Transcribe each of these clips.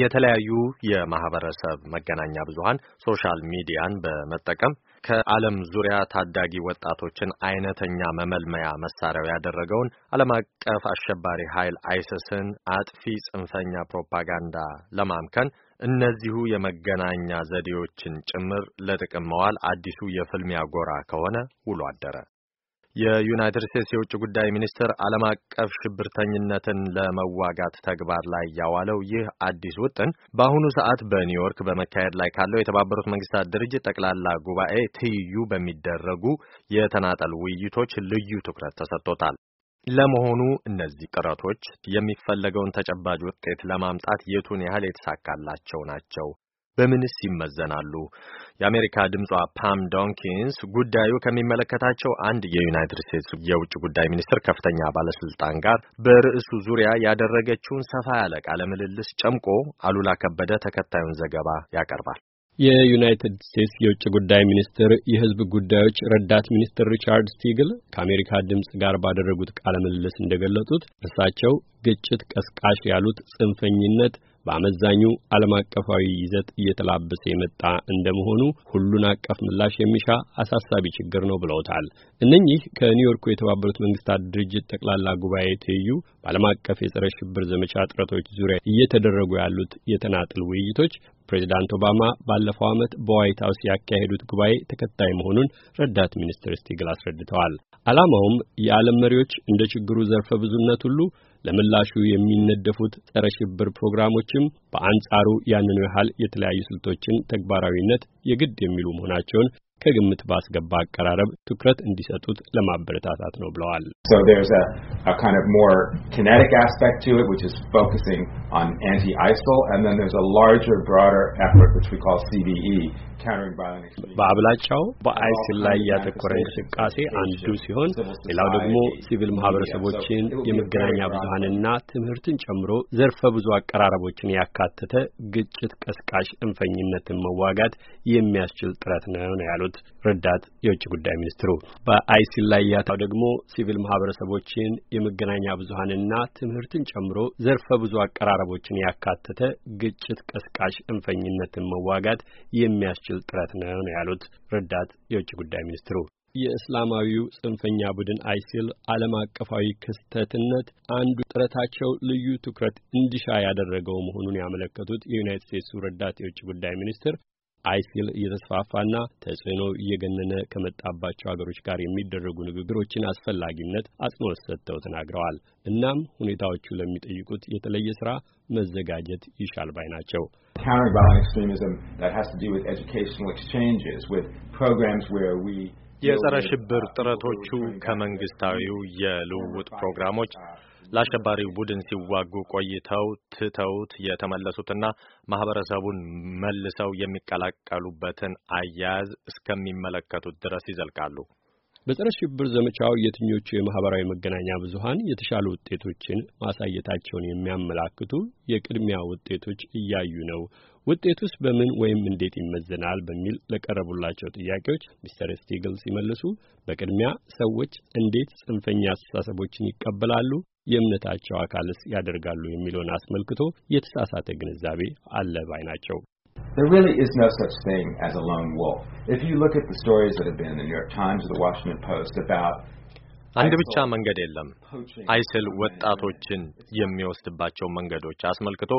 የተለያዩ የማህበረሰብ መገናኛ ብዙሀን ሶሻል ሚዲያን በመጠቀም ከዓለም ዙሪያ ታዳጊ ወጣቶችን አይነተኛ መመልመያ መሳሪያው ያደረገውን ዓለም አቀፍ አሸባሪ ኃይል አይስስን አጥፊ ጽንፈኛ ፕሮፓጋንዳ ለማምከን እነዚሁ የመገናኛ ዘዴዎችን ጭምር ለጥቅም መዋል አዲሱ የፍልሚያ ጎራ ከሆነ ውሎ አደረ። የዩናይትድ ስቴትስ የውጭ ጉዳይ ሚኒስትር ዓለም አቀፍ ሽብርተኝነትን ለመዋጋት ተግባር ላይ ያዋለው ይህ አዲስ ውጥን በአሁኑ ሰዓት በኒውዮርክ በመካሄድ ላይ ካለው የተባበሩት መንግስታት ድርጅት ጠቅላላ ጉባኤ ትይዩ በሚደረጉ የተናጠል ውይይቶች ልዩ ትኩረት ተሰጥቶታል። ለመሆኑ እነዚህ ጥረቶች የሚፈለገውን ተጨባጭ ውጤት ለማምጣት የቱን ያህል የተሳካላቸው ናቸው? በምንስ ይመዘናሉ? የአሜሪካ ድምጿ ፓም ዶንኪንስ ጉዳዩ ከሚመለከታቸው አንድ የዩናይትድ ስቴትስ የውጭ ጉዳይ ሚኒስትር ከፍተኛ ባለስልጣን ጋር በርዕሱ ዙሪያ ያደረገችውን ሰፋ ያለ ቃለ ምልልስ ጨምቆ አሉላ ከበደ ተከታዩን ዘገባ ያቀርባል። የዩናይትድ ስቴትስ የውጭ ጉዳይ ሚኒስትር የሕዝብ ጉዳዮች ረዳት ሚኒስትር ሪቻርድ ስቲግል ከአሜሪካ ድምፅ ጋር ባደረጉት ቃለ ምልልስ እንደገለጡት እርሳቸው ግጭት ቀስቃሽ ያሉት ጽንፈኝነት በአመዛኙ ዓለም አቀፋዊ ይዘት እየተላበሰ የመጣ እንደመሆኑ ሁሉን አቀፍ ምላሽ የሚሻ አሳሳቢ ችግር ነው ብለውታል። እነኚህ ከኒውዮርኩ የተባበሩት መንግስታት ድርጅት ጠቅላላ ጉባኤ ትይዩ በዓለም አቀፍ የጸረ ሽብር ዘመቻ ጥረቶች ዙሪያ እየተደረጉ ያሉት የተናጥል ውይይቶች ፕሬዚዳንት ኦባማ ባለፈው ዓመት በዋይት ሀውስ ያካሄዱት ጉባኤ ተከታይ መሆኑን ረዳት ሚኒስትር ስቲግል አስረድተዋል። ዓላማውም የዓለም መሪዎች እንደ ችግሩ ዘርፈ ብዙነት ሁሉ ለምላሹ የሚነደፉት ጸረ ሽብር ፕሮግራሞችም በአንጻሩ ያንኑ ያህል የተለያዩ ስልቶችን ተግባራዊነት የግድ የሚሉ መሆናቸውን So there's a kind of more kinetic aspect to it which is focusing on anti-ISIL and then there's a larger broader effort which we call CBE በአብላጫው በአይሲል ላይ ያተኮረ እንቅስቃሴ አንዱ ሲሆን ሌላው ደግሞ ሲቪል ማህበረሰቦችን የመገናኛ ብዙሀንና ትምህርትን ጨምሮ ዘርፈ ብዙ አቀራረቦችን ያካተተ ግጭት ቀስቃሽ እንፈኝነትን መዋጋት የሚያስችል ጥረት ነው ነው ያሉት ረዳት የውጭ ጉዳይ ሚኒስትሩ። በአይሲል ላይ ያታው ደግሞ ሲቪል ማህበረሰቦችን የመገናኛ ብዙሀንና ትምህርትን ጨምሮ ዘርፈ ብዙ አቀራረቦችን ያካተተ ግጭት ቀስቃሽ እንፈኝነትን መዋጋት የሚያስችል የሚያስችል ጥረት ነው ነው ያሉት ረዳት የውጭ ጉዳይ ሚኒስትሩ። የእስላማዊው ጽንፈኛ ቡድን አይሲል ዓለም አቀፋዊ ክስተትነት አንዱ ጥረታቸው ልዩ ትኩረት እንዲሻ ያደረገው መሆኑን ያመለከቱት የዩናይትድ ስቴትሱ ረዳት የውጭ ጉዳይ ሚኒስትር አይሲል እየተስፋፋና ተጽዕኖ እየገነነ ከመጣባቸው ሀገሮች ጋር የሚደረጉ ንግግሮችን አስፈላጊነት አጽንኦት ሰጥተው ተናግረዋል። እናም ሁኔታዎቹ ለሚጠይቁት የተለየ ስራ መዘጋጀት ይሻል ባይ ናቸው። የጸረ ሽብር uh, ጥረቶቹ ከመንግስታዊው የልውውጥ ፕሮግራሞች ለአሸባሪው ቡድን ሲዋጉ ቆይተው ትተውት የተመለሱትና ማህበረሰቡን መልሰው የሚቀላቀሉበትን አያያዝ እስከሚመለከቱት ድረስ ይዘልቃሉ። በጸረ ሽብር ዘመቻው የትኞቹ የማህበራዊ መገናኛ ብዙሃን የተሻሉ ውጤቶችን ማሳየታቸውን የሚያመላክቱ የቅድሚያ ውጤቶች እያዩ ነው? ውጤቱስ በምን ወይም እንዴት ይመዘናል? በሚል ለቀረቡላቸው ጥያቄዎች ሚስተር ስቲግል ሲመልሱ በቅድሚያ ሰዎች እንዴት ጽንፈኛ አስተሳሰቦችን ይቀበላሉ፣ የእምነታቸው አካልስ ያደርጋሉ የሚለውን አስመልክቶ የተሳሳተ ግንዛቤ አለ ባይ ናቸው። There really is no such thing as a lone wolf. If you look at the stories that have been in the New York Times or the Washington Post about አንድ ብቻ መንገድ የለም። አይስል ወጣቶችን የሚወስድባቸው መንገዶች አስመልክቶ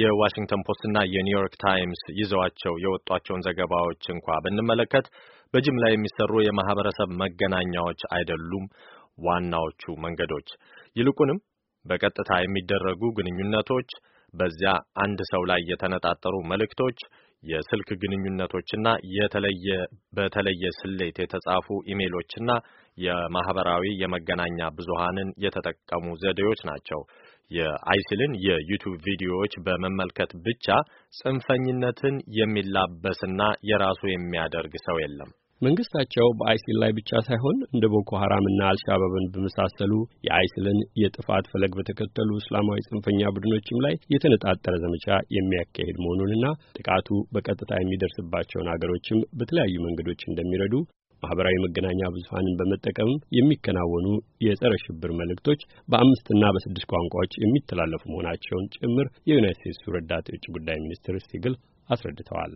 የዋሽንግተን ፖስት እና የኒውዮርክ ታይምስ ይዘዋቸው የወጧቸውን ዘገባዎች እንኳ ብንመለከት በጅምላ የሚሰሩ የማህበረሰብ መገናኛዎች አይደሉም፣ ዋናዎቹ መንገዶች። ይልቁንም በቀጥታ የሚደረጉ ግንኙነቶች፣ በዚያ አንድ ሰው ላይ የተነጣጠሩ መልእክቶች፣ የስልክ ግንኙነቶችና የተለየ በተለየ ስሌት የተጻፉ ኢሜሎችና የማህበራዊ የመገናኛ ብዙሃንን የተጠቀሙ ዘዴዎች ናቸው። የአይሲልን የዩቱብ ቪዲዮዎች በመመልከት ብቻ ጽንፈኝነትን የሚላበስና የራሱ የሚያደርግ ሰው የለም። መንግስታቸው በአይሲል ላይ ብቻ ሳይሆን እንደ ቦኮ ሐራምና አልሻባብን በመሳሰሉ የአይሲልን የጥፋት ፈለግ በተከተሉ እስላማዊ ጽንፈኛ ቡድኖችም ላይ የተነጣጠረ ዘመቻ የሚያካሄድ መሆኑንና ጥቃቱ በቀጥታ የሚደርስባቸውን አገሮችም በተለያዩ መንገዶች እንደሚረዱ ማህበራዊ መገናኛ ብዙሃንን በመጠቀም የሚከናወኑ የጸረ ሽብር መልእክቶች በአምስትና በስድስት ቋንቋዎች የሚተላለፉ መሆናቸውን ጭምር የዩናይት ስቴትሱ ረዳት የውጭ ጉዳይ ሚኒስትር ሲግል አስረድተዋል።